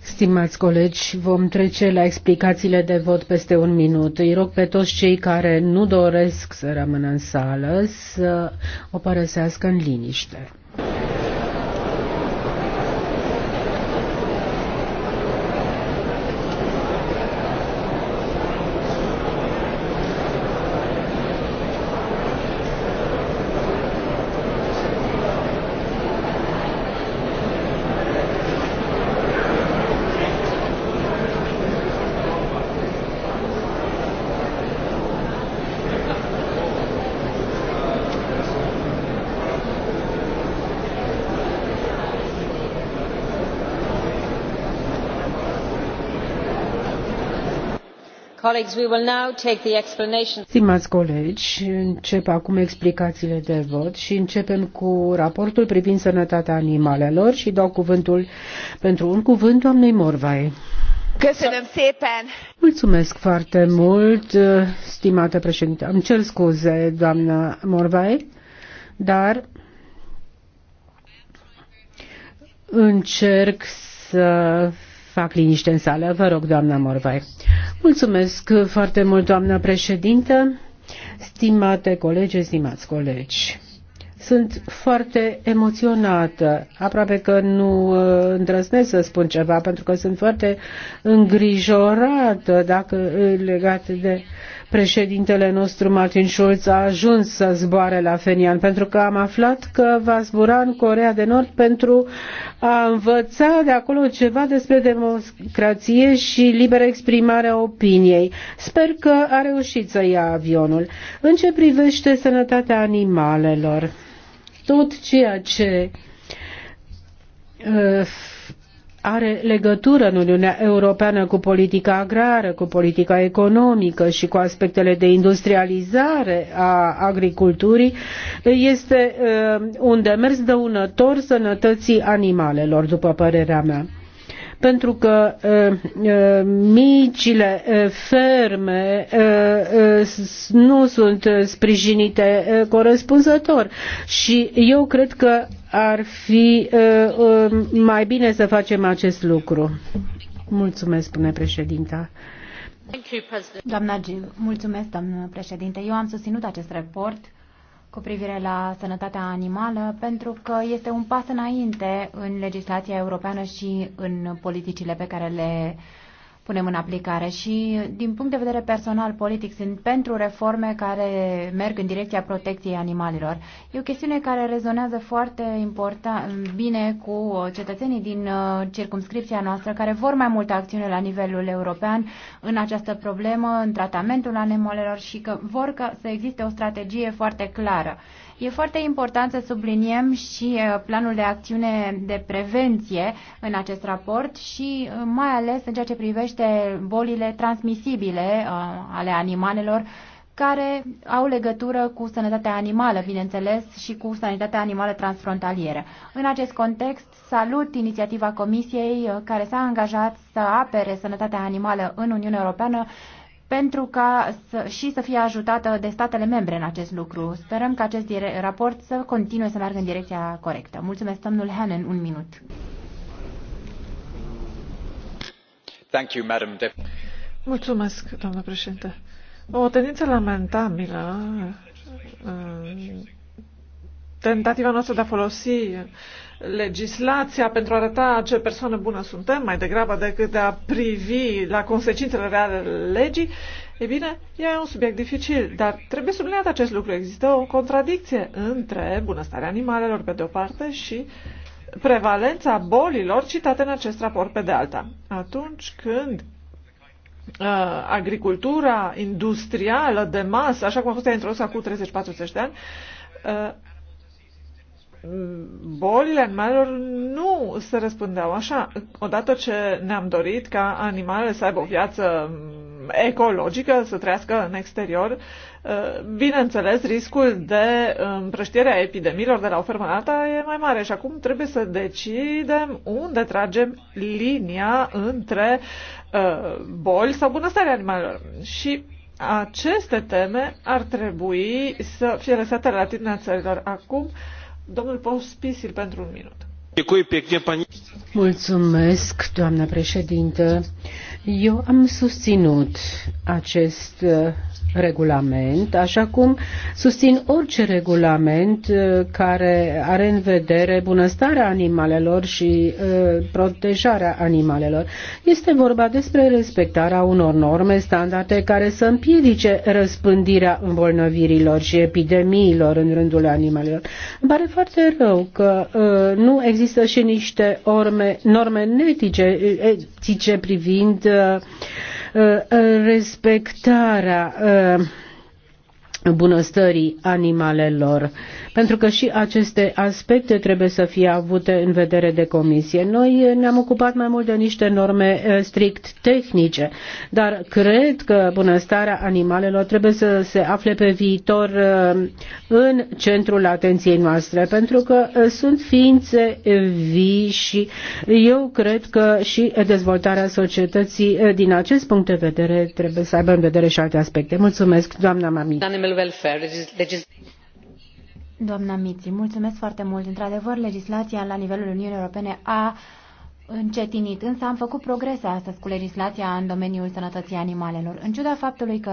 Stimați colegi, vom trece la explicațiile de vot peste un minut. Îi rog pe toți cei care nu doresc să rămână în sală să o părăsească în liniște. Stimați colegi, încep acum explicațiile de vot și începem cu raportul privind sănătatea animalelor și dau cuvântul pentru un cuvânt doamnei Morvai. Mulțumesc foarte mult, stimată președinte. Îmi cer scuze, doamnă Morvai, dar încerc să fac liniște în sală. Vă rog, doamna Morvai. Mulțumesc foarte mult, doamna președintă, stimate colegi, stimați colegi. Sunt foarte emoționată, aproape că nu uh, îndrăznesc să spun ceva, pentru că sunt foarte îngrijorată dacă uh, legat de președintele nostru Martin Schulz a ajuns să zboare la Fenian, pentru că am aflat că va zbura în Corea de Nord pentru a învăța de acolo ceva despre democrație și liberă exprimare a opiniei. Sper că a reușit să ia avionul. În ce privește sănătatea animalelor, tot ceea ce uh, are legătură în Uniunea Europeană cu politica agrară, cu politica economică și cu aspectele de industrializare a agriculturii, este uh, un demers dăunător sănătății animalelor, după părerea mea pentru că uh, uh, micile uh, ferme nu sunt sprijinite corespunzător și eu cred că ar fi um, mai bine să facem acest lucru. Mulțumesc, spune președinta. Doamna Gil, mulțumesc, doamnă președinte. Eu am susținut acest raport cu privire la sănătatea animală, pentru că este un pas înainte în legislația europeană și în politicile pe care le punem în aplicare și din punct de vedere personal politic sunt pentru reforme care merg în direcția protecției animalelor. E o chestiune care rezonează foarte important, bine cu cetățenii din uh, circumscripția noastră care vor mai multă acțiune la nivelul european în această problemă, în tratamentul animalelor și că vor că să existe o strategie foarte clară. E foarte important să subliniem și uh, planul de acțiune de prevenție în acest raport și uh, mai ales în ceea ce privește bolile transmisibile uh, ale animalelor care au legătură cu sănătatea animală, bineînțeles, și cu sănătatea animală transfrontalieră. În acest context, salut inițiativa Comisiei care s-a angajat să apere sănătatea animală în Uniunea Europeană pentru ca să, și să fie ajutată de statele membre în acest lucru. Sperăm că acest raport să continue să meargă în direcția corectă. Mulțumesc, domnul Hannan, un minut. Thank you, Madam Mulțumesc, doamnă președinte. O tendință lamentabilă, uh, tentativa noastră de a folosi legislația pentru a arăta ce persoană bună suntem, mai degrabă decât de a privi la consecințele reale legii, e bine, e un subiect dificil, dar trebuie subliniat acest lucru. Există o contradicție între bunăstarea animalelor pe de o parte și prevalența bolilor citate în acest raport pe de alta. Atunci când uh, agricultura industrială de masă, așa cum a fost introdusă acum 30-40 de ani, uh, bolile animalelor nu se răspundeau așa. Odată ce ne-am dorit ca animalele să aibă o viață ecologică, să trăiască în exterior, eh, bineînțeles, riscul de împrăștierea epidemiilor de la o fermă alta e mai mare și acum trebuie să decidem unde tragem linia între eh, boli sau bunăstarea animalelor. Și aceste teme ar trebui să fie lăsate la latitudinea țărilor. Acum, uh, Domnul Pospisil pentru un minut. Mulțumesc, doamnă președintă. Eu am susținut acest regulament, așa cum susțin orice regulament uh, care are în vedere bunăstarea animalelor și uh, protejarea animalelor. Este vorba despre respectarea unor norme, standarde care să împiedice răspândirea îmbolnăvirilor și epidemiilor în rândul animalelor. Îmi pare foarte rău că uh, nu există și niște orme, norme netice, etice privind uh, Uh, uh, respectarea uh, bunăstării animalelor, pentru că și aceste aspecte trebuie să fie avute în vedere de comisie. Noi ne-am ocupat mai mult de niște norme eh, strict tehnice, dar cred că bunăstarea animalelor trebuie să se afle pe viitor eh, în centrul atenției noastre, pentru că eh, sunt ființe vii și eu cred că și dezvoltarea societății din acest punct de vedere trebuie să aibă în vedere și alte aspecte. Mulțumesc, doamna Mami. Doamna Miții, mulțumesc foarte mult. Într-adevăr, legislația la nivelul Uniunii Europene a încetinit, însă am făcut progrese astăzi cu legislația în domeniul sănătății animalelor. În ciuda faptului că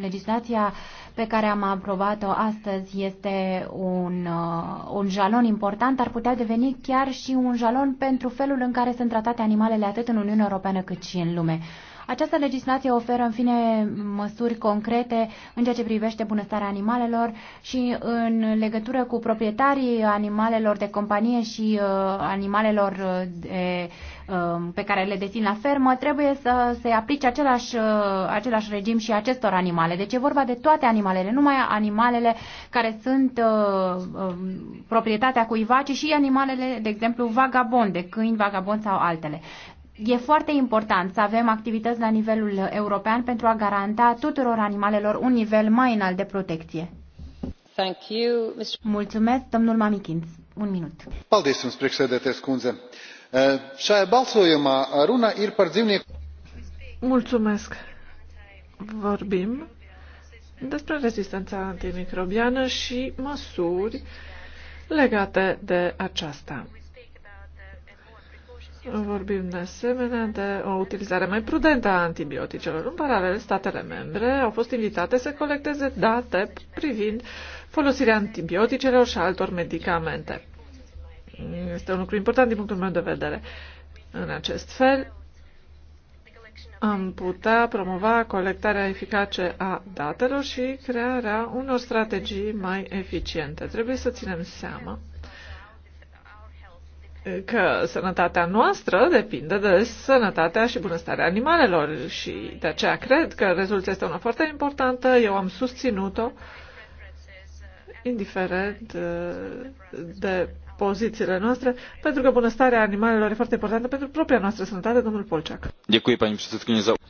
legislația pe care am aprobat-o astăzi este un, uh, un jalon important, ar putea deveni chiar și un jalon pentru felul în care sunt tratate animalele atât în Uniunea Europeană cât și în lume. Această legislație oferă, în fine, măsuri concrete în ceea ce privește bunăstarea animalelor și în legătură cu proprietarii animalelor de companie și uh, animalelor uh, de, uh, pe care le dețin la fermă, trebuie să se aplice același, uh, același regim și acestor animale. Deci e vorba de toate animalele, numai animalele care sunt uh, uh, proprietatea cuiva, ci și animalele, de exemplu, vagabonde, câini, vagabond sau altele. E foarte important să avem activități la nivelul european pentru a garanta tuturor animalelor un nivel mai înalt de protecție. Thank you, Mr. Mulțumesc, domnul Mamikins. Un minut. Paldies jums, priekšsēdētājs kundze. Šajā balsojumā runa ir par dzīvnieku. Mulțumesc. Vorbim despre rezistența antimicrobiană și măsuri legate de aceasta. Vorbim de asemenea de o utilizare mai prudentă a antibioticelor. În paralel, statele membre au fost invitate să colecteze date privind folosirea antibioticelor și altor medicamente. Este un lucru important din punctul meu de vedere. În acest fel, am putea promova colectarea eficace a datelor și crearea unor strategii mai eficiente. Trebuie să ținem seama că sănătatea noastră depinde de sănătatea și bunăstarea animalelor și de aceea cred că rezoluția este una foarte importantă, eu am susținut-o, indiferent uh, de pozițiile noastre, pentru că bunăstarea animalelor e foarte importantă pentru propria noastră sănătate, domnul Polceac.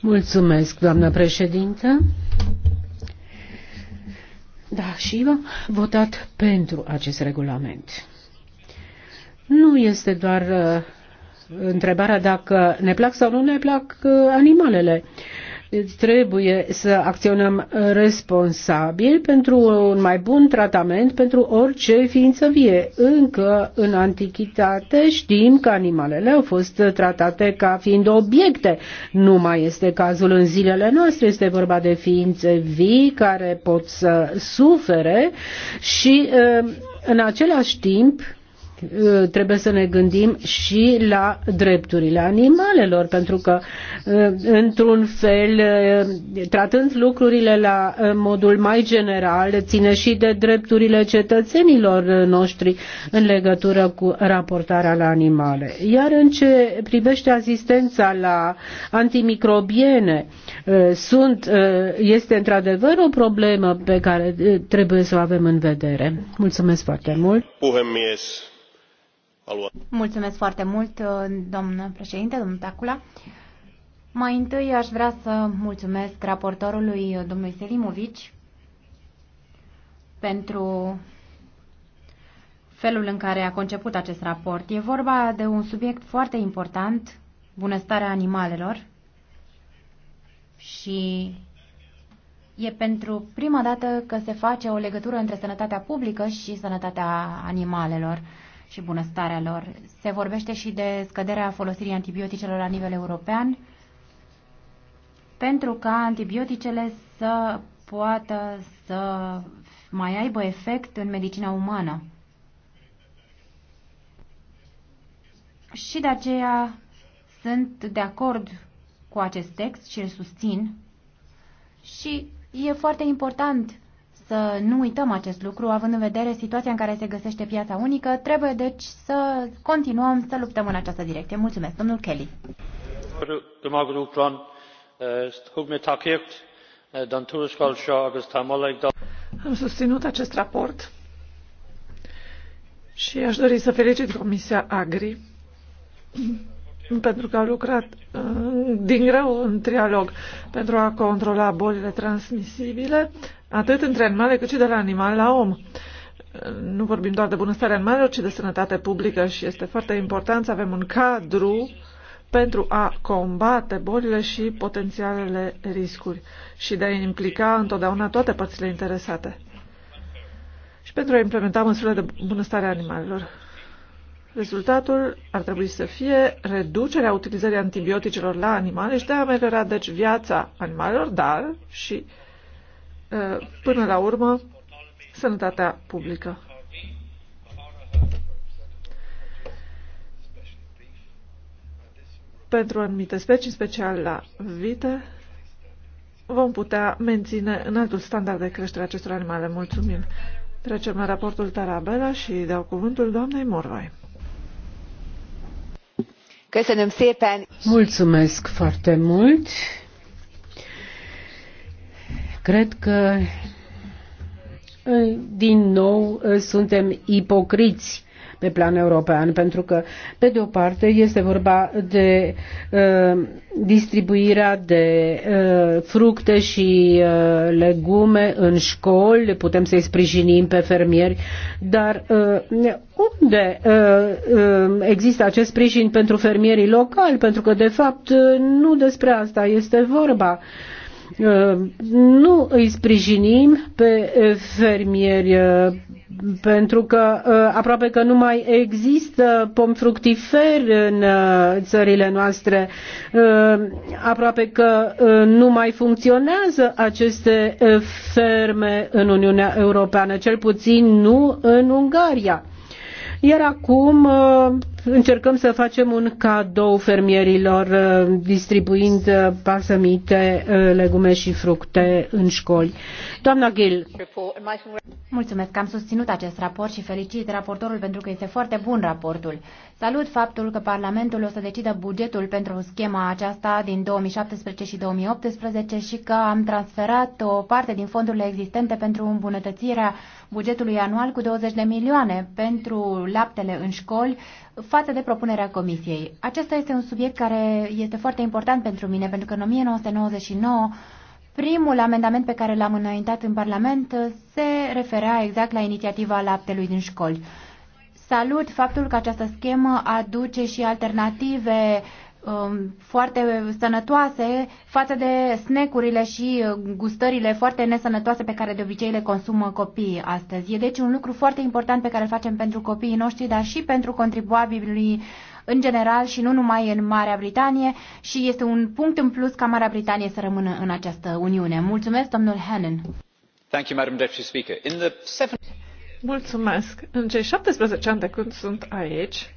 Mulțumesc, doamnă președintă. Da, și eu am votat pentru acest regulament. Nu este doar uh, întrebarea dacă ne plac sau nu ne plac uh, animalele. Deci trebuie să acționăm responsabil pentru un mai bun tratament pentru orice ființă vie. Încă în antichitate știm că animalele au fost tratate ca fiind obiecte. Nu mai este cazul în zilele noastre. Este vorba de ființe vii care pot să sufere și uh, în același timp Ă, trebuie să ne gândim și la drepturile animalelor, pentru că, ă, într-un fel, ă, tratând lucrurile la modul mai general, ține și de drepturile cetățenilor noștri în legătură cu raportarea la animale. Iar în ce privește asistența la antimicrobiene, sunt, este într-adevăr o problemă pe care trebuie să o avem în vedere. Mulțumesc foarte mult! Puhemies Mulțumesc foarte mult, domnul președinte, domnul Tacula. Mai întâi aș vrea să mulțumesc raportorului domnului Selimovici pentru felul în care a conceput acest raport. E vorba de un subiect foarte important, bunăstarea animalelor, și e pentru prima dată că se face o legătură între sănătatea publică și sănătatea animalelor și bunăstarea lor. Se vorbește și de scăderea folosirii antibioticelor la nivel european pentru ca antibioticele să poată să mai aibă efect în medicina umană. Și de aceea sunt de acord cu acest text și îl susțin. Și e foarte important să nu uităm acest lucru, având în vedere situația în care se găsește piața unică. Trebuie deci să continuăm să luptăm în această direcție. Mulțumesc, domnul Kelly. Am susținut acest raport și aș dori să felicit Comisia Agri pentru că a lucrat uh, din greu în trialog pentru a controla bolile transmisibile, atât între animale cât și de la animal la om. Nu vorbim doar de bunăstare animalelor, ci de sănătate publică și este foarte important să avem un cadru pentru a combate bolile și potențialele riscuri și de a implica întotdeauna toate părțile interesate și pentru a implementa măsurile de bunăstare animalelor. Rezultatul ar trebui să fie reducerea utilizării antibioticelor la animale și de a ameliora deci viața animalelor, dar și uh, până la urmă, sănătatea publică. Pentru anumite specii, în special la vite, vom putea menține înaltul standard de creștere acestor animale. Mulțumim! Trecem la raportul Tarabela și dau cuvântul doamnei Morvai. Mulțumesc foarte mult! Cred că eh, din nou eh, suntem ipocriți pe plan european, pentru că, pe de o parte, este vorba de uh, distribuirea de uh, fructe și uh, legume în școli, putem să-i sprijinim pe fermieri, dar uh, unde uh, uh, există acest sprijin pentru fermierii locali? Pentru că, de fapt, uh, nu despre asta este vorba. Uh, Uh, nu îi sprijinim pe fermieri uh, pentru că uh, aproape că nu mai există pom fructiferi în țările noastre, aproape că nu mai funcționează aceste ferme în Uniunea Europeană, cel puțin nu în Ungaria. Iar acum uh, încercăm să facem un cadou fermierilor uh, distribuind pasămite, uh, legume și fructe în școli. Doamna Gil. Mulțumesc, am susținut acest raport și felicit raportorul pentru că este foarte bun raportul. Salut faptul că Parlamentul o să decidă bugetul pentru schema aceasta din 2017 și 2018 și că am transferat o parte din fondurile existente pentru îmbunătățirea bugetului anual cu 20 de milioane pentru laptele în școli față de propunerea comisiei. Acesta este un subiect care este foarte important pentru mine, pentru că în 1999 Primul amendament pe care l-am înaintat în Parlament se referea exact la inițiativa laptelui din școli. Salut faptul că această schemă aduce și alternative um, foarte sănătoase față de snecurile și uh, gustările foarte nesănătoase pe care de obicei le consumă copiii astăzi. E deci un lucru foarte important pe care îl facem pentru copiii noștri, dar și pentru contribuabilii în general și nu numai în Marea Britanie și este un punct în plus ca Marea Britanie să rămână în această Uniune. Mulțumesc, domnul Hannan. Thank you, Madam Deputy Speaker. In the seven... Mulțumesc. În cei 17 ani de când sunt aici,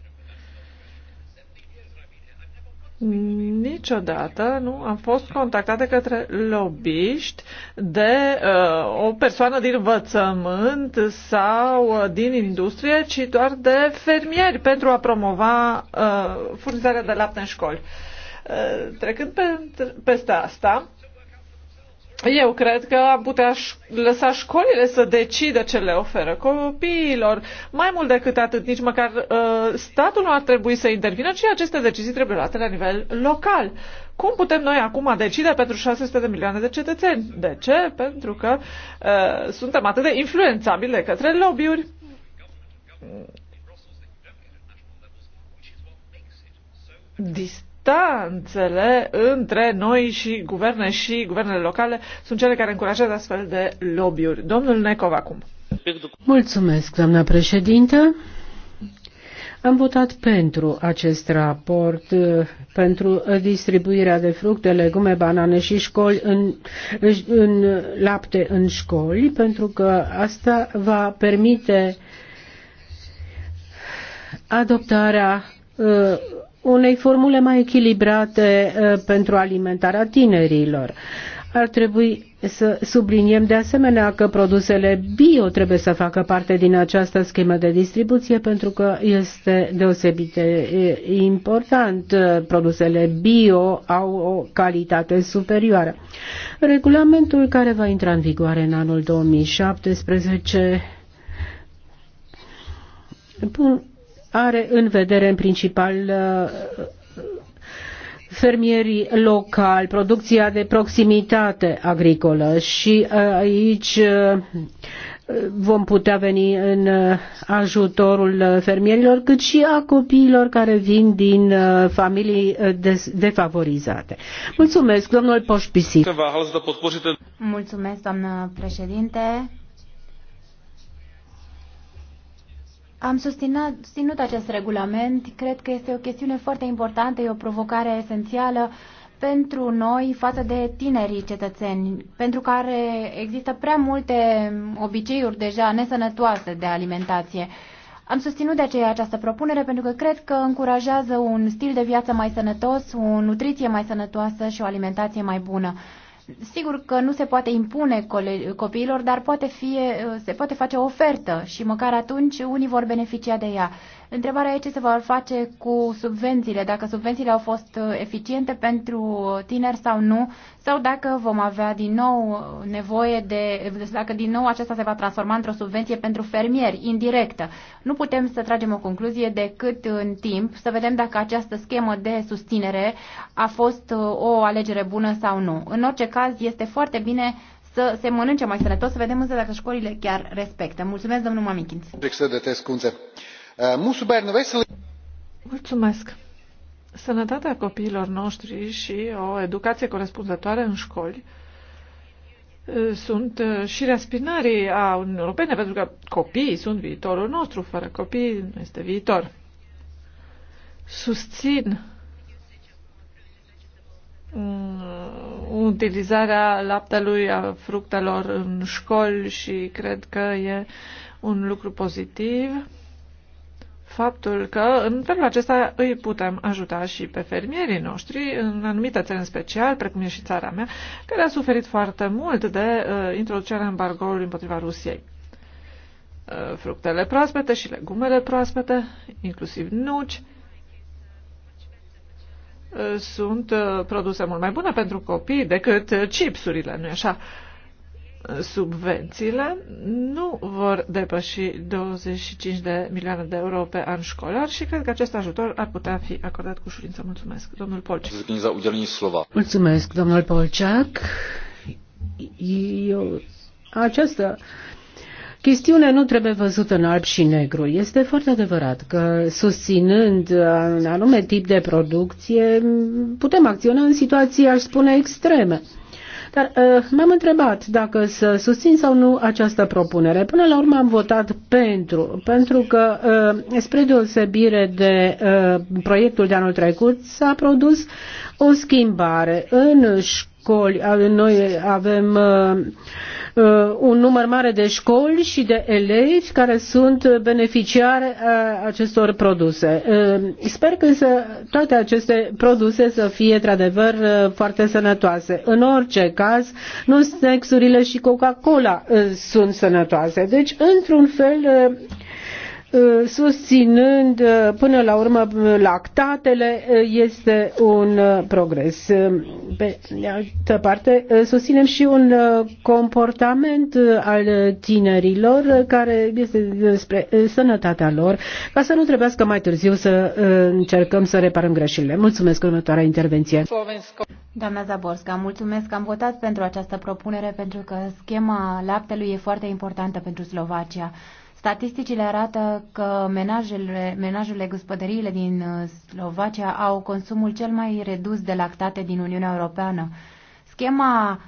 Niciodată nu am fost contactată către lobbyști de uh, o persoană din învățământ sau uh, din industrie, ci doar de fermieri pentru a promova uh, furnizarea de lapte în școli. Uh, trecând pe, peste asta, eu cred că am putea lăsa școlile să decidă ce le oferă copiilor. Mai mult decât atât, nici măcar uh, statul nu ar trebui să intervină, ci aceste decizii trebuie luate la nivel local. Cum putem noi acum decide pentru 600 de milioane de cetățeni? De ce? Pentru că uh, suntem atât de influențabili de către lobby-uri. Dis- distanțele între noi și guverne și guvernele locale sunt cele care încurajează astfel de lobby-uri. Domnul Necov acum. Mulțumesc, doamna președintă. Am votat pentru acest raport, uh, pentru distribuirea de fructe, legume, banane și școli în, în lapte în școli, pentru că asta va permite adoptarea uh, unei formule mai echilibrate uh, pentru alimentarea tinerilor. Ar trebui să subliniem de asemenea că produsele bio trebuie să facă parte din această schemă de distribuție pentru că este deosebit de uh, important. Produsele bio au o calitate superioară. Regulamentul care va intra în vigoare în anul 2017 are în vedere în principal uh, fermierii locali, producția de proximitate agricolă și uh, aici uh, vom putea veni în ajutorul fermierilor, cât și a copiilor care vin din familii defavorizate. Mulțumesc, domnul Poșpisi. Mulțumesc, doamnă președinte. Am susținut, acest regulament. Cred că este o chestiune foarte importantă, e o provocare esențială pentru noi față de tinerii cetățeni, pentru care există prea multe obiceiuri deja nesănătoase de alimentație. Am susținut de aceea această propunere pentru că cred că încurajează un stil de viață mai sănătos, o nutriție mai sănătoasă și o alimentație mai bună. Sigur că nu se poate impune copiilor, dar poate fi, uh, se poate face o ofertă și măcar atunci unii vor beneficia de ea. Întrebarea e ce se va face cu subvențiile, dacă subvențiile au fost uh, eficiente pentru tineri sau nu sau dacă vom avea din nou nevoie de, dacă din nou aceasta se va transforma într-o subvenție pentru fermieri, indirectă. Nu putem să tragem o concluzie decât în timp să vedem dacă această schemă de susținere a fost uh, o alegere bună sau nu. În orice caz, este foarte bine să se mănânce mai sănătos, să vedem însă dacă școlile chiar respectă. Mulțumesc, domnul Mamichins. Uh, Mulțumesc. Sănătatea copiilor noștri și o educație corespunzătoare în școli uh, sunt uh, și respinarii a Uniunii Europene, pentru că copiii sunt viitorul nostru, fără copii nu este viitor. Susțin uh, utilizarea laptelui, a fructelor în școli și cred că e un lucru pozitiv faptul că în felul acesta îi putem ajuta și pe fermierii noștri, în anumite țări în special, precum e și țara mea, care a suferit foarte mult de uh, introducerea embargoului împotriva Rusiei. Uh, fructele proaspete și legumele proaspete, inclusiv nuci, uh, sunt uh, produse mult mai bune pentru copii decât uh, chipsurile, nu-i așa? Uh, subvențiile nu vor depăși 25 de milioane de euro pe an școlar și cred că acest ajutor ar putea fi acordat cu ușurință. Mulțumesc, domnul Polciac. Mulțumesc, domnul Polciac. Eu, această chestiune nu trebuie văzută în alb și negru. Este foarte adevărat că susținând un anume tip de producție putem acționa în situații, aș spune, extreme. Dar uh, m-am întrebat dacă să susțin sau nu această propunere. Până la urmă am votat pentru, pentru că uh, spre deosebire de uh, proiectul de anul trecut s-a produs o schimbare în școli. Noi avem Uh, un număr mare de școli și de elevi care sunt beneficiari uh, acestor produse. Uh, sper că să, toate aceste produse să fie într-adevăr foarte sănătoase. În orice caz, nu snacks-urile și Coca-Cola sunt sănătoase. Deci, într-un fel, Uh, susținând uh, până la urmă uh, lactatele este un progres. Pe de altă parte, susținem și un comportament al tinerilor care este despre sănătatea lor, ca să nu trebuiască mai târziu să încercăm să reparăm greșelile. Mulțumesc următoarea intervenție. Doamna Zaborska, mulțumesc că am votat pentru această propunere pentru că schema laptelui e foarte importantă pentru Slovacia. Statisticile arată că menajele, menajele gospodăriile din uh, Slovacia au consumul cel mai redus de lactate din Uniunea Europeană. Schema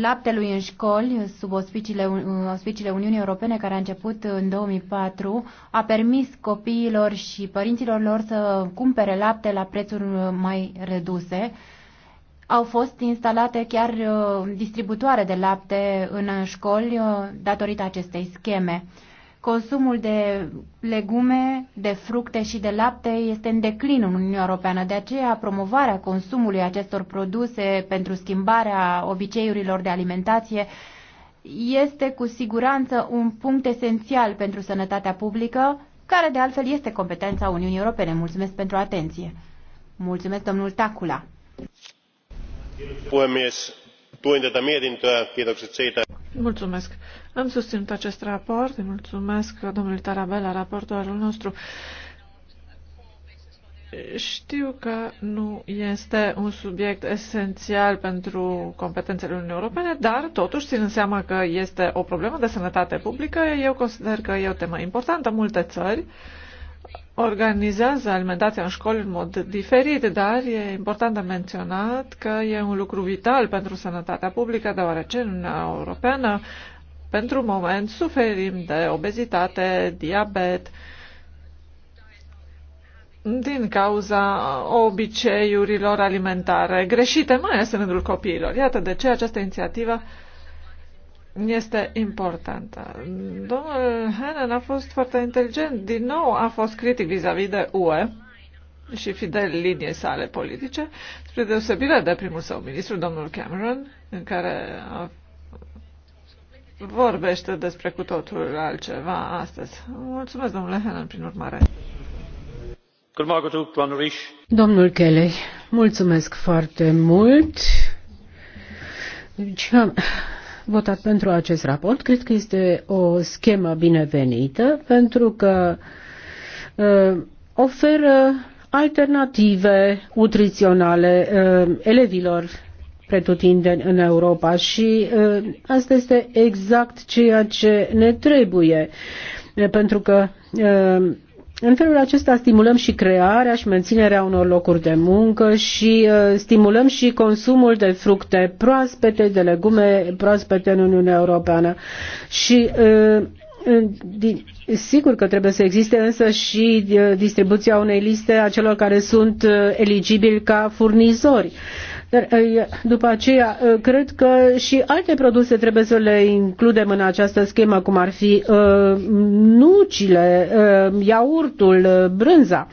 laptelui în școli, sub auspiciile, uh, ospiciile Uniunii Europene, care a început în 2004, a permis copiilor și părinților lor să cumpere lapte la prețuri mai reduse au fost instalate chiar uh, distributoare de lapte în școli uh, datorită acestei scheme. Consumul de legume, de fructe și de lapte este în declin în Uniunea Europeană. De aceea, promovarea consumului acestor produse pentru schimbarea obiceiurilor de alimentație este cu siguranță un punct esențial pentru sănătatea publică, care de altfel este competența Uniunii Europene. Mulțumesc pentru atenție. Mulțumesc, domnul Tacula. Puhemies, tätä mietintöä. Kiitokset siitä. Mulțumesc. Am susținut acest raport. Îi mulțumesc domnului Tarabella, raportorul nostru. Știu că nu este un subiect esențial pentru competențele Uniunii Europene, dar totuși, ținând seama că este o problemă de sănătate publică, eu consider că e o temă importantă. Multe țări uh, organizează alimentația în școli în mod diferit, dar e important de menționat că e un lucru vital pentru sănătatea publică, deoarece în Uniunea Europeană, pentru moment, suferim de obezitate, diabet, din cauza obiceiurilor alimentare greșite, mai ales în rândul copiilor. Iată de ce această inițiativă este importantă. Domnul Hennen a fost foarte inteligent. Din nou a fost critic vis-a-vis -vis de UE și fidel liniei sale politice, spre deosebire de primul său ministru, domnul Cameron, în care a vorbește despre cu totul altceva astăzi. Mulțumesc, domnule Hennen, prin urmare. Domnul Kelly, mulțumesc foarte mult. Deci, votat pentru acest raport. Cred că este o schemă binevenită pentru că uh, oferă alternative nutriționale uh, elevilor pretutindeni în Europa și uh, asta este exact ceea ce ne trebuie pentru că uh, în felul acesta stimulăm și crearea și menținerea unor locuri de muncă și uh, stimulăm și consumul de fructe proaspete, de legume proaspete în Uniunea Europeană. Și uh, Sigur că trebuie să existe însă și uh, distribuția unei liste a celor care sunt eligibili ca furnizori. Eh, după aceea, eh, cred că și alte produse trebuie să le includem în această schemă, cum ar fi eh, nucile, iaurtul, brânza.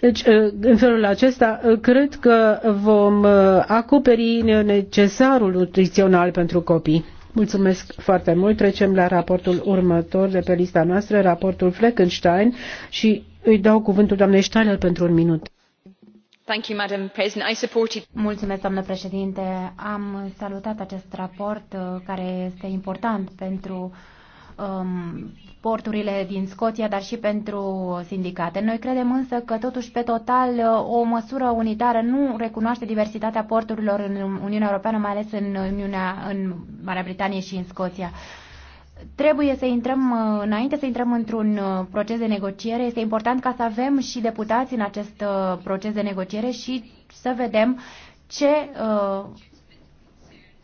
Deci, în felul acesta, cred că vom acoperi necesarul nutrițional pentru copii. Mulțumesc foarte mult. Trecem la raportul următor de pe lista noastră, raportul Fleckenstein și îi dau cuvântul doamnei Steiner pentru un minut. Mulțumesc, doamnă președinte. Am salutat acest raport uh, care este important pentru um, porturile din Scoția, dar și pentru sindicate. Noi credem însă că totuși pe total uh, o măsură unitară nu recunoaște diversitatea porturilor în Uniunea Europeană, mai ales în Uniunea în Marea Britanie și în Scoția trebuie să intrăm, uh, înainte să intrăm într-un uh, proces de negociere, este important ca să avem și deputați în acest uh, proces de negociere și să vedem ce,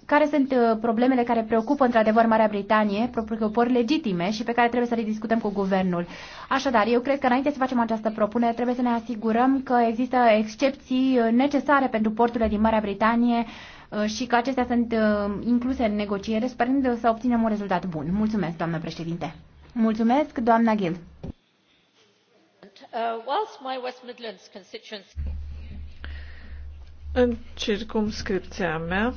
care sunt problemele care preocupă într-adevăr Marea Britanie, preocupări legitime și pe care trebuie să le discutăm cu guvernul. Așadar, eu cred că înainte să facem această propunere, trebuie să ne asigurăm că există excepții necesare pentru porturile din Marea Britanie, Uh, și că acestea sunt uh, incluse în negociere, sperând să obținem un rezultat bun. Mulțumesc, doamnă președinte. Mulțumesc, doamna Gill. Uh, în circumscripția mea,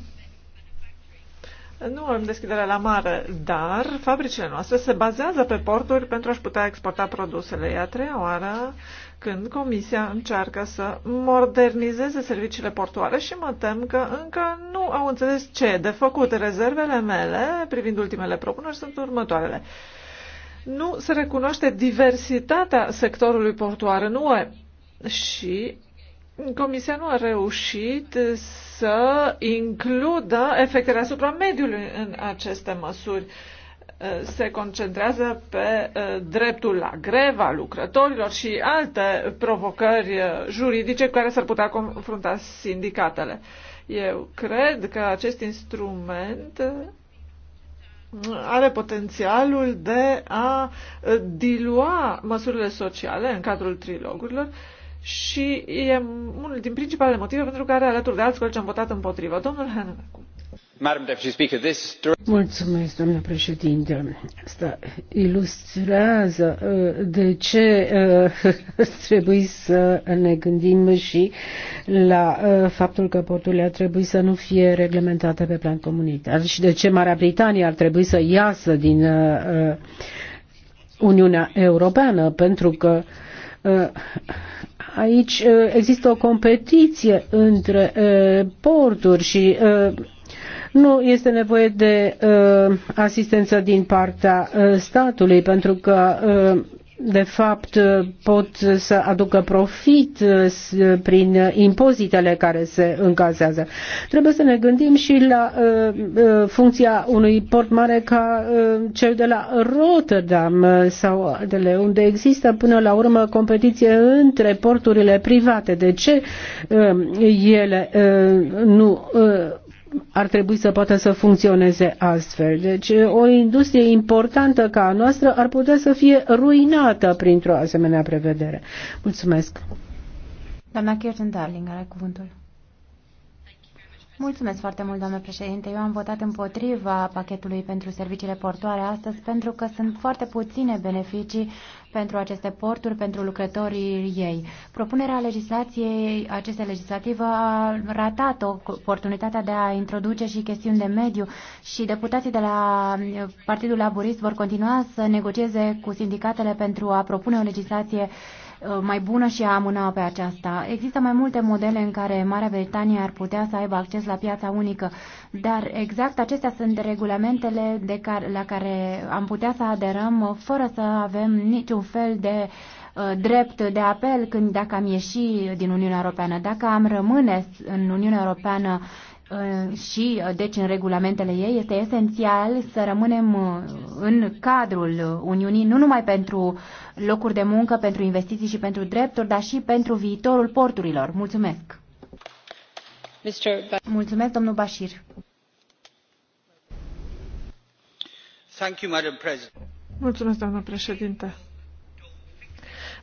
nu avem deschidere la mare, dar fabricile noastre se bazează pe porturi pentru a-și putea exporta produsele. E a treia oară când Comisia încearcă să modernizeze serviciile portoare și mă tem că încă nu au înțeles ce de făcut. Rezervele mele, privind ultimele propuneri, sunt următoarele. Nu se recunoaște diversitatea sectorului portoare, nu e. Și Comisia nu a reușit să includă efectele asupra mediului în aceste măsuri. Se concentrează pe uh, dreptul la greva lucrătorilor și alte provocări uh, juridice care s-ar putea confrunta sindicatele. Eu cred că acest instrument uh, are potențialul de a dilua măsurile sociale în cadrul trilogurilor și e unul din principalele motive pentru care, alături de alți colegi, am votat împotrivă. Domnul Hanan, acum. Mulțumesc, doamnă președinte. Asta ilustrează uh, de ce uh, trebuie să ne gândim și la uh, faptul că porturile ar trebui să nu fie reglementate pe plan comunitar și de ce Marea Britanie ar trebui să iasă din Uniunea Europeană, pentru că Aici uh, există o competiție între uh, porturi și uh, nu este nevoie de asistență din partea statului pentru că de fapt pot să aducă profit uh, prin impozitele care se încasează. Trebuie să ne gândim și la uh, uh, funcția unui port mare ca cel de la Rotterdam sau altele, unde există până la urmă competiție între porturile private. De ce ele nu ar trebui să poată să funcționeze astfel. Deci o industrie importantă ca a noastră ar putea să fie ruinată printr-o asemenea prevedere. Mulțumesc. Doamna Kirsten Darling are cuvântul. Mulțumesc foarte mult, doamnă președinte. Eu am votat împotriva pachetului pentru serviciile portoare astăzi pentru că sunt foarte puține beneficii pentru aceste porturi, pentru lucrătorii ei. Propunerea legislației, acestei legislative a ratat o oportunitatea de a introduce și chestiuni de mediu și deputații de la uh, Partidul Laburist vor continua să negocieze cu sindicatele pentru a propune o legislație Uh, mai bună și a amâna pe aceasta. Există mai multe modele în care Marea Britanie ar putea să aibă acces la piața unică, dar exact acestea sunt regulamentele de care, la care am putea să aderăm fără să avem niciun fel de uh, drept de apel când dacă am ieși din Uniunea Europeană. Dacă am rămâne în Uniunea Europeană și uh, deci în regulamentele ei, este esențial să rămânem uh, în cadrul Uniunii, nu numai pentru locuri de muncă, pentru investiții și pentru drepturi, dar și pentru viitorul porturilor. Mulțumesc! Mulțumesc, domnul Bashir. Mulțumesc, doamnă președinte.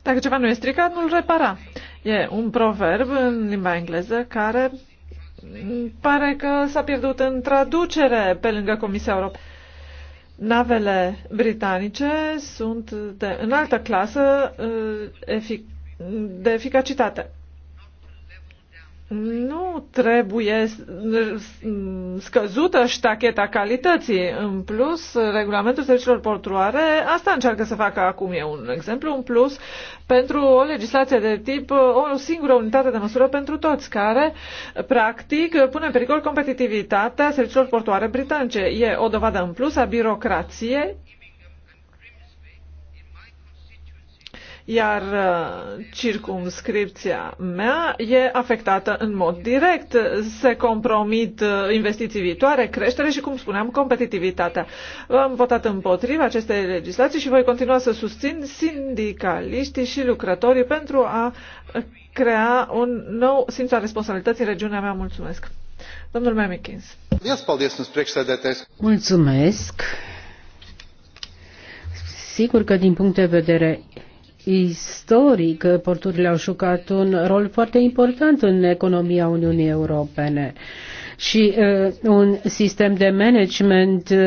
Dacă ceva nu e stricat, nu-l repara. E un proverb în limba engleză care pare că s-a pierdut în traducere pe lângă Comisia Europeană. Navele britanice sunt de înaltă clasă uh, de eficacitate nu trebuie scăzută ștacheta calității. În plus, regulamentul serviciilor portuare, asta încearcă să facă acum, e un exemplu, un plus, pentru o legislație de tip, o singură unitate de măsură pentru toți, care, practic, pune în pericol competitivitatea serviciilor portuare britanice. E o dovadă în plus a birocrației iar uh, circumscripția mea e afectată în mod direct. Se compromit uh, investiții viitoare, creștere și, cum spuneam, competitivitatea. Am votat împotriva acestei legislații și voi continua să susțin sindicaliștii și lucrătorii pentru a crea un nou simț al responsabilității în regiunea mea. Mulțumesc! Domnul Mamikins. Mulțumesc! Sigur că din punct de vedere istoric, porturile au jucat un rol foarte important în economia Uniunii Europene și uh, un sistem de management uh,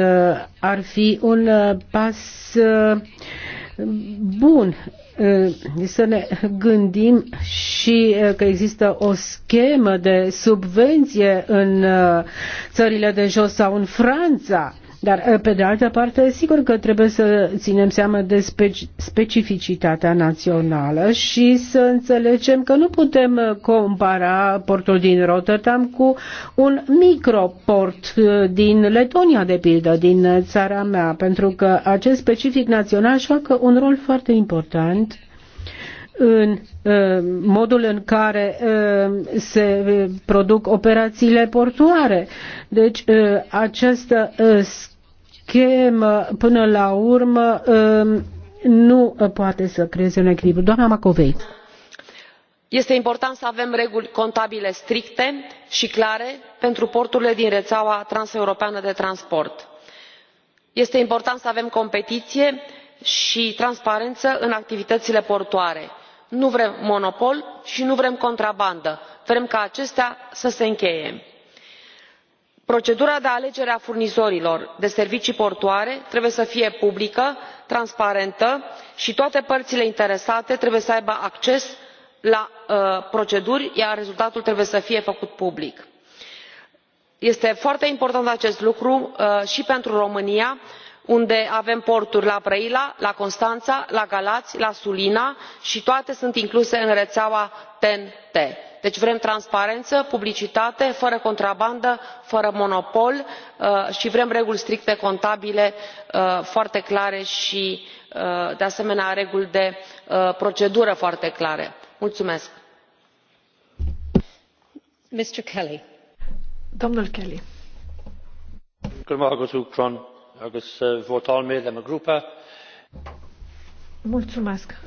ar fi un uh, pas uh, bun să ne gândim și că există o schemă de subvenție în țările de jos sau în Franța dar, eh, pe de altă parte, sigur că trebuie să ținem seama de speci- specificitatea națională și să înțelegem că nu putem eh, compara portul din Rotterdam cu un microport eh, din Letonia, de pildă, din țara mea, pentru că acest specific național joacă un rol foarte important în modul în care se produc operațiile portuare. Deci această schemă până la urmă um, nu poate să creeze un echilibru. Doamna Macovei. Este important să avem reguli contabile stricte și clare pentru porturile din rețeaua transeuropeană de transport. Este important să avem competiție și transparență în activitățile portuare. Nu vrem monopol și nu vrem contrabandă. Vrem ca acestea să se încheie procedura de alegere a furnizorilor de servicii portuare trebuie să fie publică transparentă și toate părțile interesate trebuie să aibă acces la uh, proceduri iar rezultatul trebuie să fie făcut public. este foarte important acest lucru uh, și pentru românia unde avem porturi la brăila la constanța la galați la sulina și toate sunt incluse în rețeaua ten t deci vrem transparență publicitate fără contrabandă fără monopol uh, și vrem reguli stricte contabile uh, foarte clare și uh, de asemenea reguli de procedură foarte clare. mulțumesc. kelly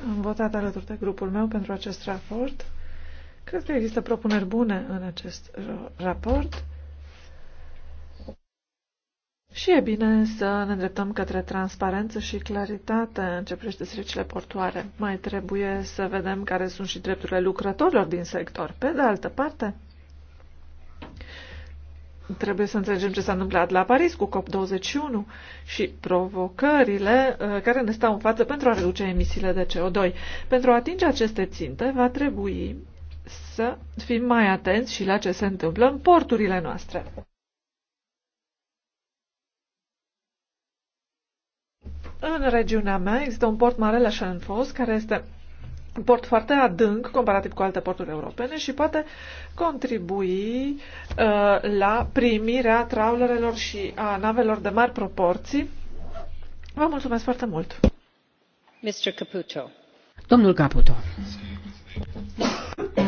am votat alături de grupul meu pentru acest raport. Cred că există propuneri bune în acest raport și e bine să ne îndreptăm către transparență și claritate în ce privește serviciile portoare. Mai trebuie să vedem care sunt și drepturile lucrătorilor din sector. Pe de altă parte, trebuie să înțelegem ce s-a întâmplat la Paris cu COP21 și provocările uh, care ne stau în față pentru a reduce emisiile de CO2. Pentru a atinge aceste ținte, va trebui să fim mai atenți și la ce se întâmplă în porturile noastre. În regiunea mea există un port mare la Shannon care este un port foarte adânc comparativ cu alte porturi europene și poate contribui uh, la primirea traulerelor și a navelor de mari proporții. Vă mulțumesc foarte mult! Mr. Caputo. Domnul Caputo.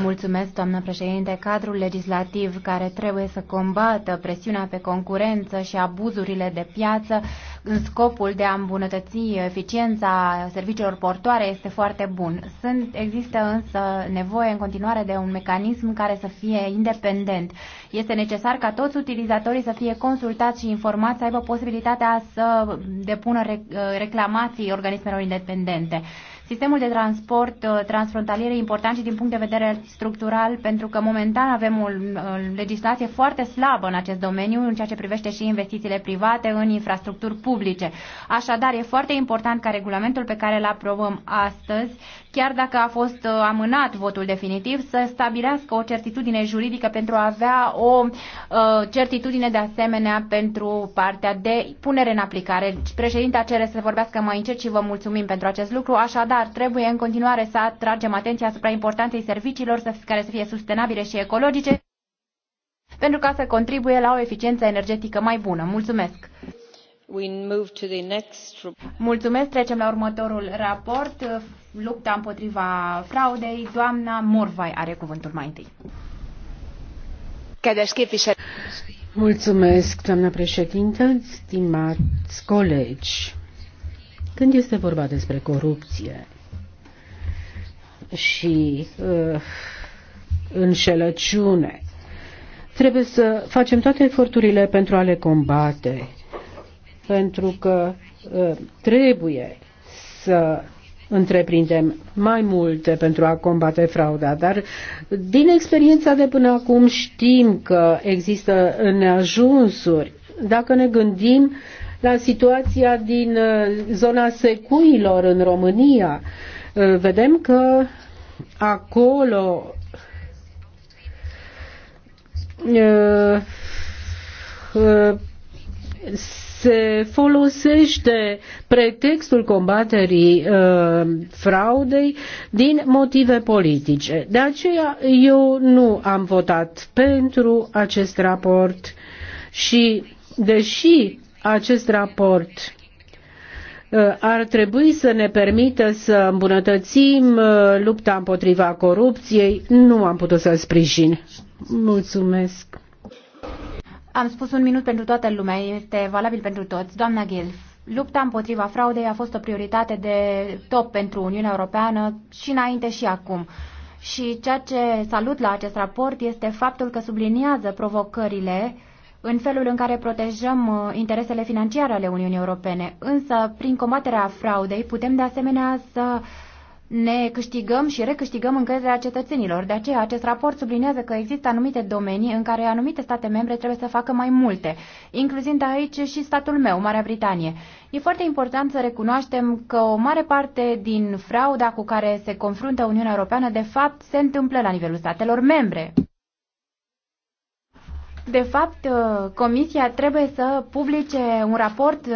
Mulțumesc, doamnă președinte. Cadrul legislativ care trebuie să combată presiunea pe concurență și abuzurile de piață în scopul de a îmbunătăți eficiența serviciilor portoare este foarte bun. Sunt, există însă nevoie în continuare de un mecanism care să fie independent. Este necesar ca toți utilizatorii să fie consultați și informați, să aibă posibilitatea să depună reclamații organismelor independente. Sistemul de transport uh, transfrontalier e important și din punct de vedere structural, pentru că momentan avem o uh, legislație foarte slabă în acest domeniu, în ceea ce privește și investițiile private în infrastructuri publice. Așadar, e foarte important ca regulamentul pe care îl aprobăm astăzi chiar dacă a fost uh, amânat votul definitiv, să stabilească o certitudine juridică pentru a avea o uh, certitudine de asemenea pentru partea de punere în aplicare. Președinta cere să vorbească mai încet și vă mulțumim pentru acest lucru. Așadar, trebuie în continuare să atragem atenția asupra importanței serviciilor care să fie sustenabile și ecologice pentru ca să contribuie la o eficiență energetică mai bună. Mulțumesc! Mulțumesc. Trecem la următorul raport lupta împotriva fraudei. Doamna Morvai are cuvântul mai întâi. Mulțumesc, doamna președintă, stimați colegi. Când este vorba despre corupție și uh, înșelăciune, trebuie să facem toate eforturile pentru a le combate, pentru că uh, trebuie să întreprindem mai multe pentru a combate frauda, dar din experiența de până acum știm că există neajunsuri. Dacă ne gândim la situația din uh, zona secuilor în România, uh, vedem că acolo uh, se folosește pretextul combaterii uh, fraudei din motive politice. De aceea eu nu am votat pentru acest raport și deși acest raport uh, ar trebui să ne permită să îmbunătățim uh, lupta împotriva corupției, nu am putut să-l sprijin. Mulțumesc. Am spus un minut pentru toată lumea, este valabil pentru toți. Doamna Gilf, lupta împotriva fraudei a fost o prioritate de top pentru Uniunea Europeană și înainte și acum. Și ceea ce salut la acest raport este faptul că subliniază provocările în felul în care protejăm uh, interesele financiare ale Uniunii Europene. Însă, prin combaterea fraudei, putem de asemenea să uh, ne câștigăm și recâștigăm încrederea cetățenilor. De aceea, acest raport sublinează că există anumite domenii în care anumite state membre trebuie să facă mai multe, incluzând aici și statul meu, Marea Britanie. E foarte important să recunoaștem că o mare parte din frauda cu care se confruntă Uniunea Europeană, de fapt, se întâmplă la nivelul statelor membre. De fapt, uh, Comisia trebuie să publice un raport uh,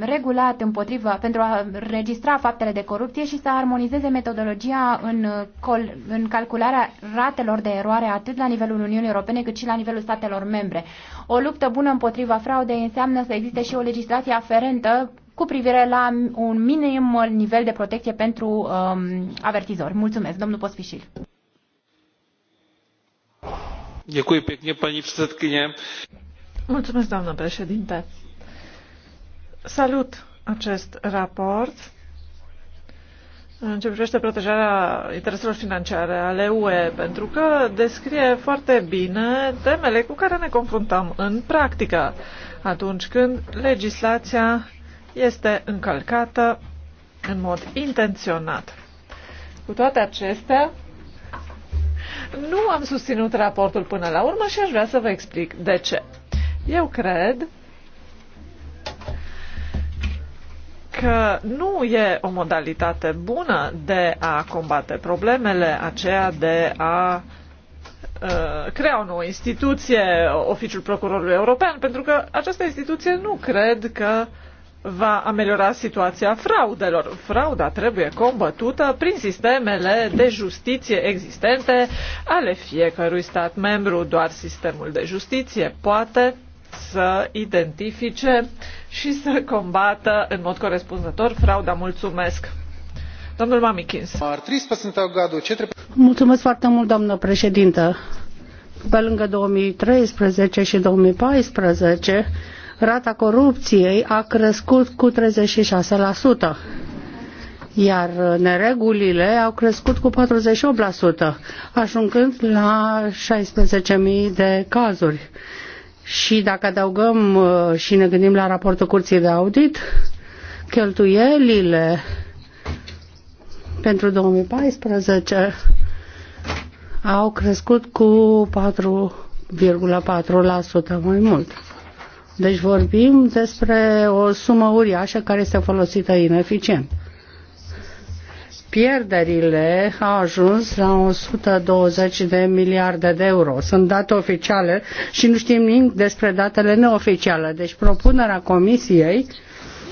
regulat împotriva, pentru a registra faptele de corupție și să armonizeze metodologia în, uh, col, în calcularea ratelor de eroare atât la nivelul Uniunii Europene cât și la nivelul statelor membre. O luptă bună împotriva fraudei înseamnă să existe și o legislație aferentă cu privire la un minim nivel de protecție pentru um, avertizori. Mulțumesc, domnul Pospișil. Mulțumesc, doamnă președinte. Salut acest raport în ce privește protejarea intereselor financiare ale UE, pentru că descrie foarte bine temele cu care ne confruntăm în practică atunci când legislația este încălcată în mod intenționat. Cu toate acestea, nu am susținut raportul până la urmă și aș vrea să vă explic de ce. Eu cred că nu e o modalitate bună de a combate problemele, aceea de a uh, crea o nouă instituție, Oficiul Procurorului European, pentru că această instituție nu cred că uh, va ameliora situația fraudelor. Frauda trebuie combătută prin sistemele de justiție existente ale fiecărui stat membru. Doar sistemul de justiție poate să identifice și să combată în mod corespunzător frauda. Mulțumesc! Domnul Mamichins. Mulțumesc foarte mult, doamnă președintă. Pe lângă 2013 și 2014, rata corupției a crescut cu 36%, iar neregulile au crescut cu 48%, ajungând la 16.000 de cazuri. Și dacă adăugăm uh, și ne gândim la raportul curții de audit, cheltuielile pentru 2014 au crescut cu 4,4% mai mult. Deci vorbim despre o sumă uriașă care este folosită ineficient. Pierderile au ajuns la 120 de miliarde de euro. Sunt date oficiale și nu știm nimic despre datele neoficiale. Deci propunerea Comisiei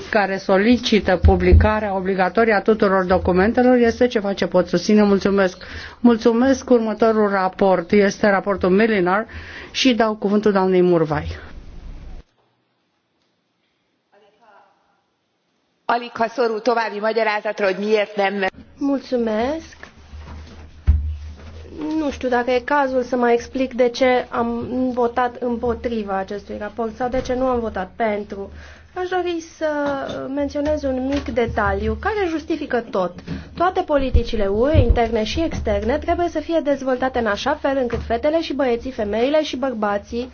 care solicită publicarea obligatorie a tuturor documentelor este ceva ce pot susține. Mulțumesc. Mulțumesc. Următorul raport este raportul Milinar și dau cuvântul doamnei Murvai. aligha szorul további magyarázatra hogy miért nem. Mulțumesc. Nu știu dacă e cazul să mai explic de ce am votat împotriva acestui raport sau de ce nu am votat pentru. Aș dori să menționez un mic detaliu care justifică tot. Toate politicile UE, interne și externe, trebuie să fie dezvoltate în așa fel încât fetele și băieții, femeile și bărbații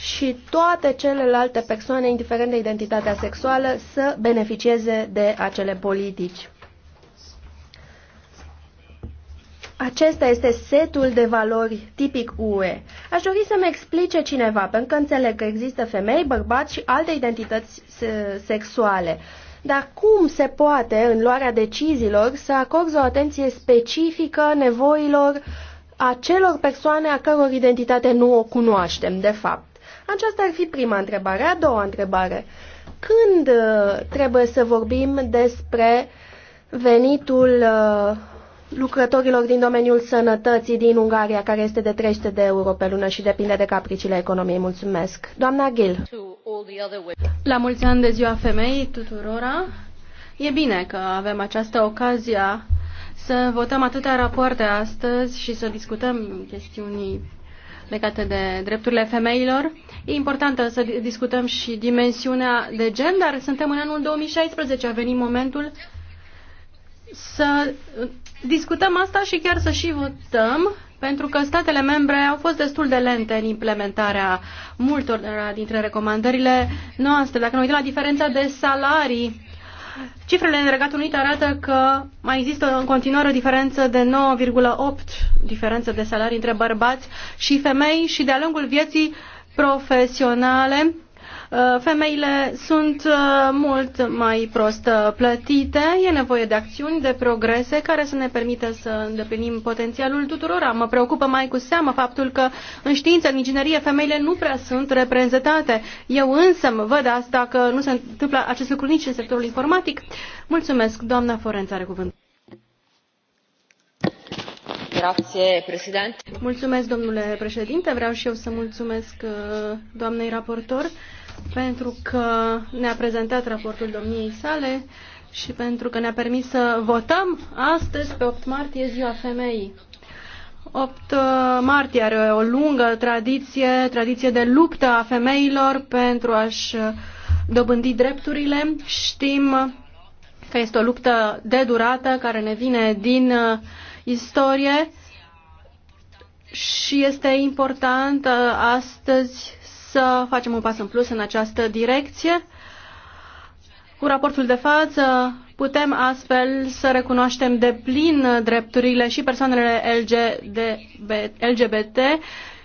și toate celelalte persoane, indiferent de identitatea sexuală, să beneficieze de acele politici. Acesta este setul de valori tipic UE. Aș dori să-mi explice cineva, pentru că înțeleg că există femei, bărbați și alte identități sexuale. Dar cum se poate, în luarea deciziilor, să acorzi o atenție specifică nevoilor acelor persoane a căror identitate nu o cunoaștem, de fapt? Aceasta ar fi prima întrebare. A doua întrebare. Când uh, trebuie să vorbim despre venitul uh, lucrătorilor din domeniul sănătății din Ungaria, care este de 300 de euro pe lună și depinde de capriciile economiei. Mulțumesc. Doamna Gil. La mulți ani de ziua femeii tuturora. E bine că avem această ocazia să votăm atâtea rapoarte astăzi și să discutăm chestiuni legate de drepturile femeilor. E important să discutăm și dimensiunea de gen, dar suntem în anul 2016, a venit momentul să discutăm asta și chiar să și votăm, pentru că statele membre au fost destul de lente în implementarea multor dintre recomandările noastre. Dacă ne uităm la diferența de salarii, cifrele în Regatul Unit arată că mai există în continuare o diferență de 9,8 diferență de salarii între bărbați și femei și de-a lungul vieții profesionale, uh, femeile sunt uh, mult mai prost uh, plătite, e nevoie de acțiuni, de progrese care să ne permită să îndeplinim potențialul tuturor. Mă preocupă mai cu seamă faptul că în știință, în inginerie, femeile nu prea sunt reprezentate. Eu însă mă văd asta că nu se întâmplă acest lucru nici în sectorul informatic. Mulțumesc, doamna Forența, are cuvântul. Mulțumesc, domnule președinte. Vreau și eu să mulțumesc uh, doamnei raportor pentru că ne-a prezentat raportul domniei sale și pentru că ne-a permis să votăm astăzi, pe 8 martie, ziua femeii. 8 uh, martie are o lungă tradiție, tradiție de luptă a femeilor pentru a-și uh, dobândi drepturile. Știm că este o luptă de durată care ne vine din uh, istorie și este important uh, astăzi să facem un pas în plus în această direcție. Cu raportul de față putem astfel să recunoaștem de plin drepturile și persoanele LGBT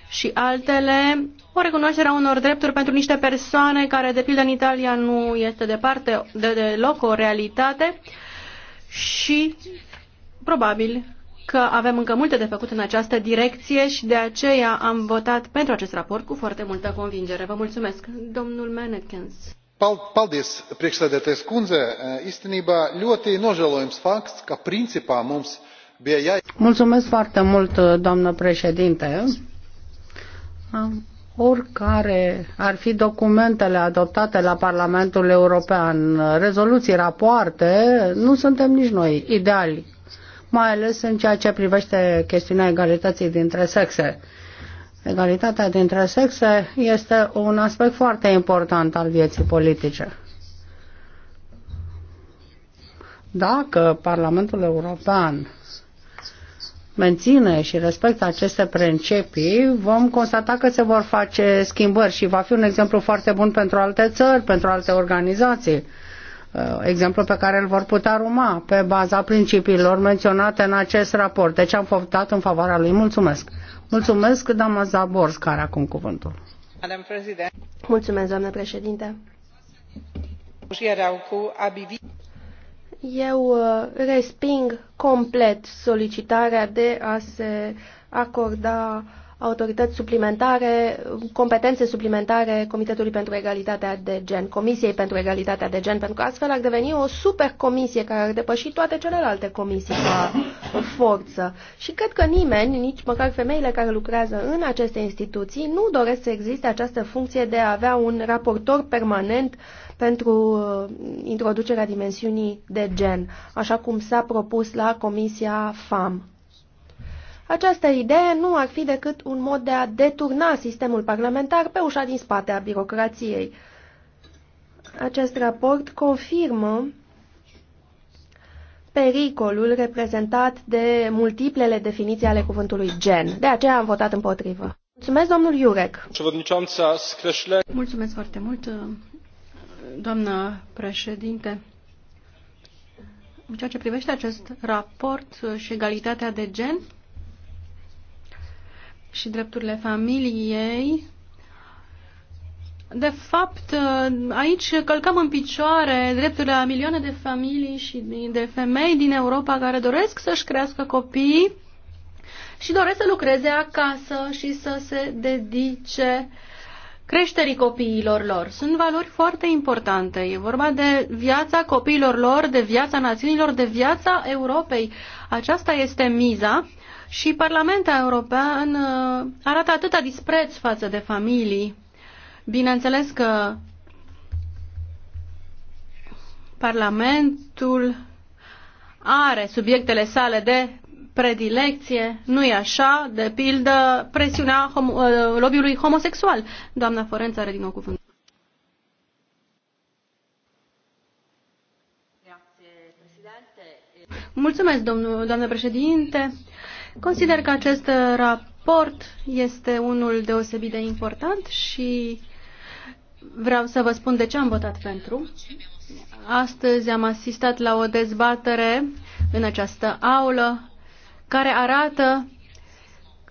și altele, o recunoaștere a unor drepturi pentru niște persoane care, de pildă, în Italia nu este departe de deloc o realitate și probabil că avem încă multe de făcut în această direcție și de aceea am votat pentru acest raport cu foarte multă convingere. Vă mulțumesc, domnul Menekens. Paldies, priekšsēdētājs kundze. Īstenībā ļoti nožēlojams fakts, ka principā mums bija jā... Mulțumesc foarte mult, doamnă președinte. Oricare ar fi documentele adoptate la Parlamentul European, rezoluții, rapoarte, nu suntem nici noi ideali mai ales în ceea ce privește chestiunea egalității dintre sexe. Egalitatea dintre sexe este un aspect foarte important al vieții politice. Dacă Parlamentul European menține și respectă aceste principii, vom constata că se vor face schimbări și va fi un exemplu foarte bun pentru alte țări, pentru alte organizații Uh, exemplu pe care îl vor putea urma pe baza principiilor menționate în acest raport. Deci am votat în favoarea lui. Mulțumesc. Mulțumesc, doamna Zaborz, care acum cuvântul. Mulțumesc, doamnă președinte. Eu uh, resping complet solicitarea de a se acorda uh, autorități suplimentare, competențe suplimentare Comitetului pentru Egalitatea de Gen, Comisiei pentru Egalitatea de Gen, pentru că astfel ar deveni o super comisie care ar depăși toate celelalte comisii ca forță. Și cred că nimeni, nici măcar femeile care lucrează în aceste instituții, nu doresc să existe această funcție de a avea un raportor permanent pentru uh, introducerea dimensiunii de gen, așa cum s-a propus la Comisia FAM. Această idee nu ar fi decât un mod de a deturna sistemul parlamentar pe ușa din spate a birocrației. Acest raport confirmă pericolul reprezentat de multiplele definiții ale cuvântului gen. De aceea am votat împotrivă. Mulțumesc, domnul Iurec. Mulțumesc foarte mult, doamnă președinte. În ceea ce privește acest raport și egalitatea de gen, și drepturile familiei. De fapt, aici călcăm în picioare drepturile a milioane de familii și de femei din Europa care doresc să-și crească copii și doresc să lucreze acasă și să se dedice creșterii copiilor lor. Sunt valori foarte importante. E vorba de viața copiilor lor, de viața națiunilor, de viața Europei. Aceasta este miza și Parlamentul European uh, arată atâta dispreț față de familii. Bineînțeles că Parlamentul are subiectele sale de predilecție, nu-i așa, de pildă presiunea hom- uh, lobby-ului homosexual. Doamna Forența are din nou cuvânt. Mulțumesc, domnul, doamnă președinte. Consider că acest uh, raport este unul deosebit de important și vreau să vă spun de ce am votat pentru. Astăzi am asistat la o dezbatere în această aulă care arată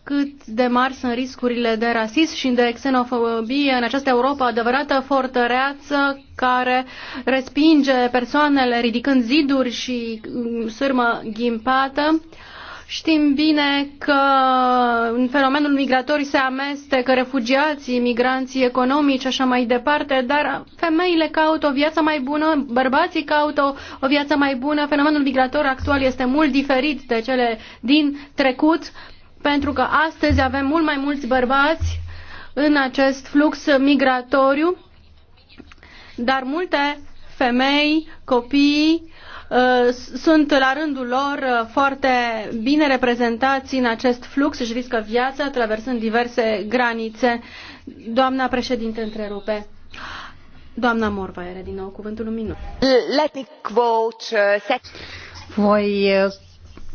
cât de mari sunt riscurile de rasism și de xenofobie în această Europa adevărată fortăreață care respinge persoanele ridicând ziduri și um, sârmă ghimpată. Uh, Știm bine că în fenomenul migrator se amestecă refugiații, migranții economici, așa mai departe, dar femeile caută o viață mai bună, bărbații caută o, o viață mai bună. Fenomenul migrator actual este mult diferit de cele din trecut, pentru că astăzi avem mult mai mulți bărbați în acest flux migratoriu, dar multe femei, copii, Uh, sunt la rândul lor uh, foarte bine reprezentați în acest flux, își riscă viața traversând diverse granițe. Doamna președinte întrerupe. Doamna Morva era din nou cuvântul un minut. Let me quote, uh, Voi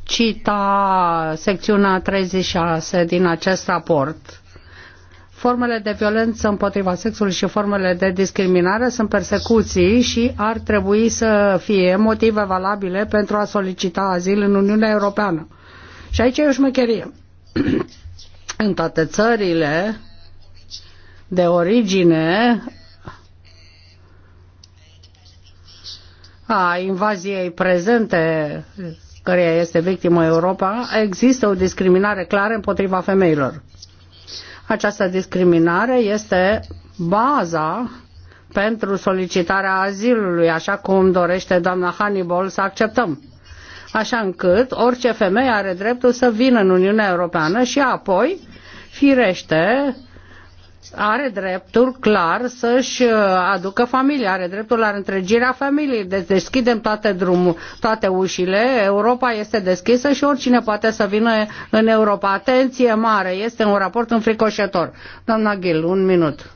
cita secțiunea 36 din acest raport Formele de violență împotriva sexului și formele de discriminare sunt persecuții și ar trebui să fie motive valabile pentru a solicita azil în Uniunea Europeană. Și aici e o șmecherie. în toate țările de origine a invaziei prezente, care este victimă Europa, există o discriminare clară împotriva femeilor. Această discriminare este baza pentru solicitarea azilului, așa cum dorește doamna Hannibal să acceptăm. Așa încât orice femeie are dreptul să vină în Uniunea Europeană și apoi, firește, are dreptul clar să-și uh, aducă familia, are dreptul la întregirea familiei. Deci deschidem toate drumul, toate ușile, Europa este deschisă și oricine poate să vină în Europa. Atenție mare, este un raport înfricoșător. Doamna Ghil, un minut.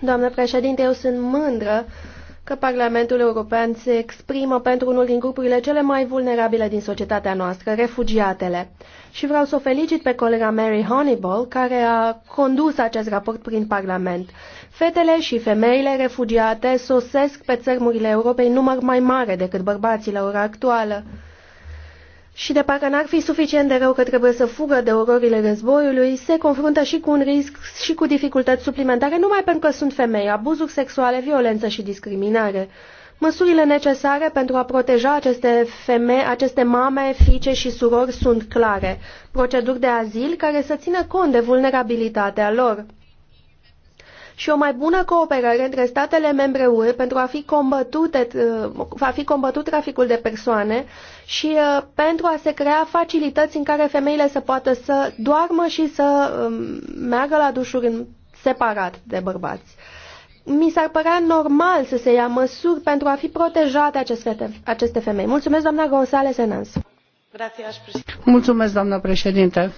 Doamnă președinte, eu sunt mândră că Parlamentul European se exprimă pentru unul din grupurile cele mai vulnerabile din societatea noastră, refugiatele. Și vreau să o felicit pe colega Mary Honeyball, care a condus acest raport prin Parlament. Fetele și femeile refugiate sosesc pe țărmurile Europei număr mai mare decât bărbații la ora actuală și de parcă n-ar fi suficient de rău că trebuie să fugă de ororile războiului, se confruntă și cu un risc și cu dificultăți suplimentare numai pentru că sunt femei, abuzuri sexuale, violență și discriminare. Măsurile necesare pentru a proteja aceste femei, aceste mame, fiice și surori sunt clare. Proceduri de azil care să țină cont de vulnerabilitatea lor și o mai bună cooperare între statele membre UE pentru a fi, combătute, va uh, fi combătut traficul de persoane și uh, pentru a se crea facilități în care femeile să poată să doarmă și să um, meargă la dușuri în separat de bărbați. Mi s-ar părea normal să se ia măsuri pentru a fi protejate aceste, aceste femei. Mulțumesc, doamna González Enans. Mulțumesc, doamnă președinte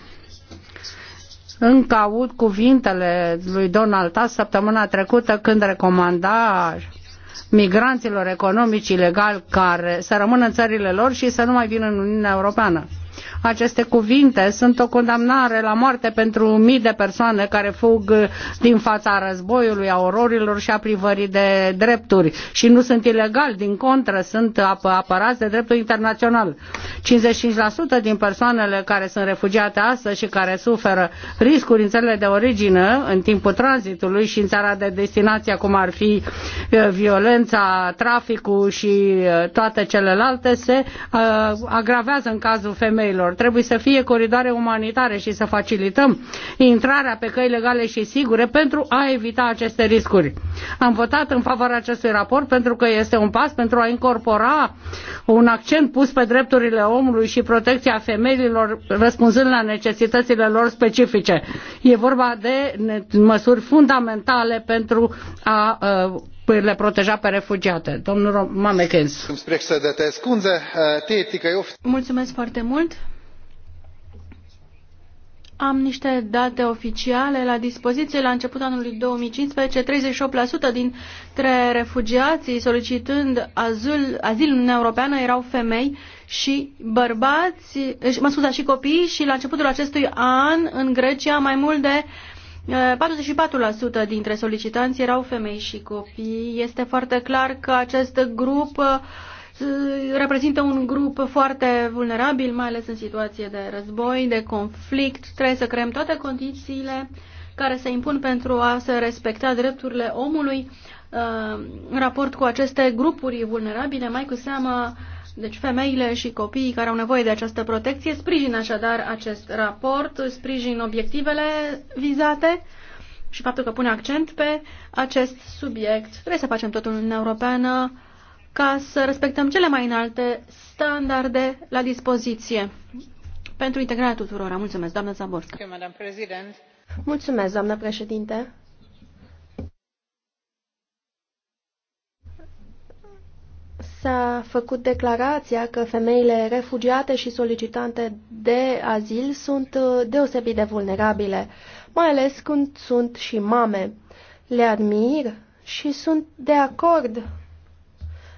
încă aud cuvintele lui Donald Tusk săptămâna trecută când recomanda migranților economici ilegali care să rămână în țările lor și să nu mai vină în Uniunea Europeană. Aceste cuvinte sunt o condamnare la moarte pentru mii de persoane care fug din fața războiului, a ororilor și a privării de drepturi și nu sunt ilegali, din contră, sunt ap- apărați de dreptul internațional. 55% din persoanele care sunt refugiate astăzi și care suferă riscuri în țările de origine în timpul tranzitului și în țara de destinație, cum ar fi violența, traficul și toate celelalte, se agravează în cazul femeilor coridoarelor. Trebuie să fie coridoare umanitare și să facilităm intrarea pe căi legale și sigure pentru a evita aceste riscuri. Am votat în favoarea acestui raport pentru că este un pas pentru a incorpora un accent pus pe drepturile omului și protecția femeilor răspunzând la necesitățile lor specifice. E vorba de măsuri fundamentale pentru a uh, Păi, le proteja pe refugiate. Domnul Mamekens. Ă, Mulțumesc foarte mult. Am niște date oficiale la dispoziție. La începutul anului 2015, 38% dintre refugiații solicitând azil, azil în Uniunea Europeană erau femei și bărbați, mă scuzați, și copii și la începutul acestui an în Grecia mai mult de 44% dintre solicitanți erau femei și copii. Este foarte clar că acest grup uh, reprezintă un grup foarte vulnerabil, mai ales în situație de război, de conflict. Trebuie să creăm toate condițiile care se impun pentru a se respecta drepturile omului uh, în raport cu aceste grupuri vulnerabile, mai cu seamă deci femeile și copiii care au nevoie de această protecție sprijin așadar acest raport, sprijin obiectivele vizate și faptul că pune accent pe acest subiect. Trebuie să facem totul în Europeană ca să respectăm cele mai înalte standarde la dispoziție pentru integrarea tuturor. Mulțumesc, doamnă Zaborska. Mulțumesc, doamnă președinte. s-a făcut declarația că femeile refugiate și solicitante de azil sunt uh, deosebit de vulnerabile, mai ales când sunt și mame. Le admir și sunt de acord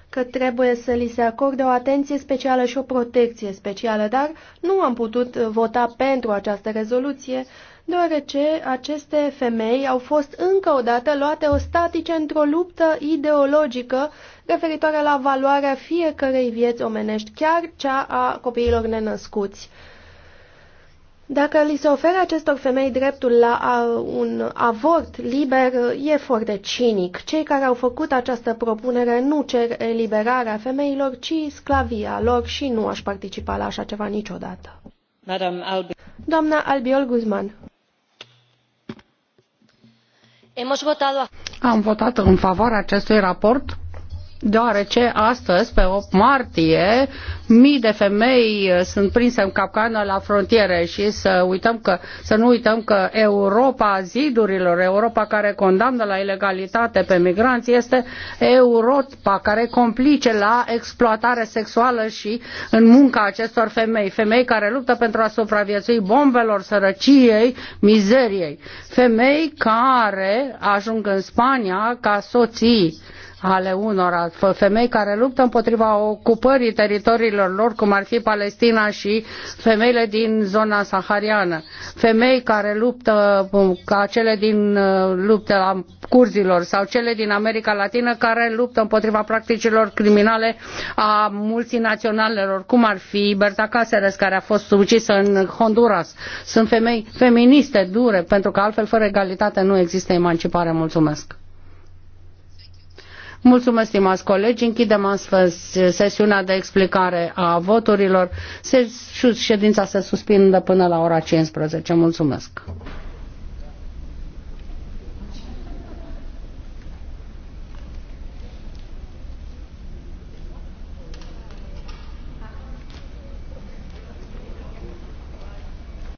că trebuie să li se acorde o atenție specială și o protecție specială, dar nu am putut uh, vota pentru această rezoluție, deoarece aceste femei au fost încă o dată luate ostatice într-o luptă ideologică referitoare la valoarea fiecărei vieți omenești, chiar cea a copiilor nenăscuți. Dacă li se oferă acestor femei dreptul la un avort liber, e foarte cinic. Cei care au făcut această propunere nu cer eliberarea femeilor, ci sclavia lor și nu aș participa la așa ceva niciodată. Albi... Doamna Albiol Guzman. Am votat în favoarea acestui raport deoarece astăzi, pe 8 martie, mii de femei uh, sunt prinse în capcană la frontiere și să, uităm că, să nu uităm că Europa zidurilor, Europa care condamnă la ilegalitate pe migranți, este Europa care complice la exploatare sexuală și în munca acestor femei. Femei care luptă pentru a supraviețui bombelor, sărăciei, mizeriei. Femei care ajung în Spania ca soții ale unor femei care luptă împotriva ocupării teritoriilor lor, cum ar fi Palestina și femeile din zona sahariană, femei care luptă ca cele din uh, la curzilor sau cele din America Latină care luptă împotriva practicilor criminale a multinaționalelor, cum ar fi Berta Cáceres, care a fost ucisă în Honduras. Sunt femei feministe dure, pentru că altfel fără egalitate nu există emancipare. Mulțumesc! Mulțumesc, stimați colegi. Închidem astfel sesiunea de explicare a voturilor. Ședința se suspindă până la ora 15. Mulțumesc.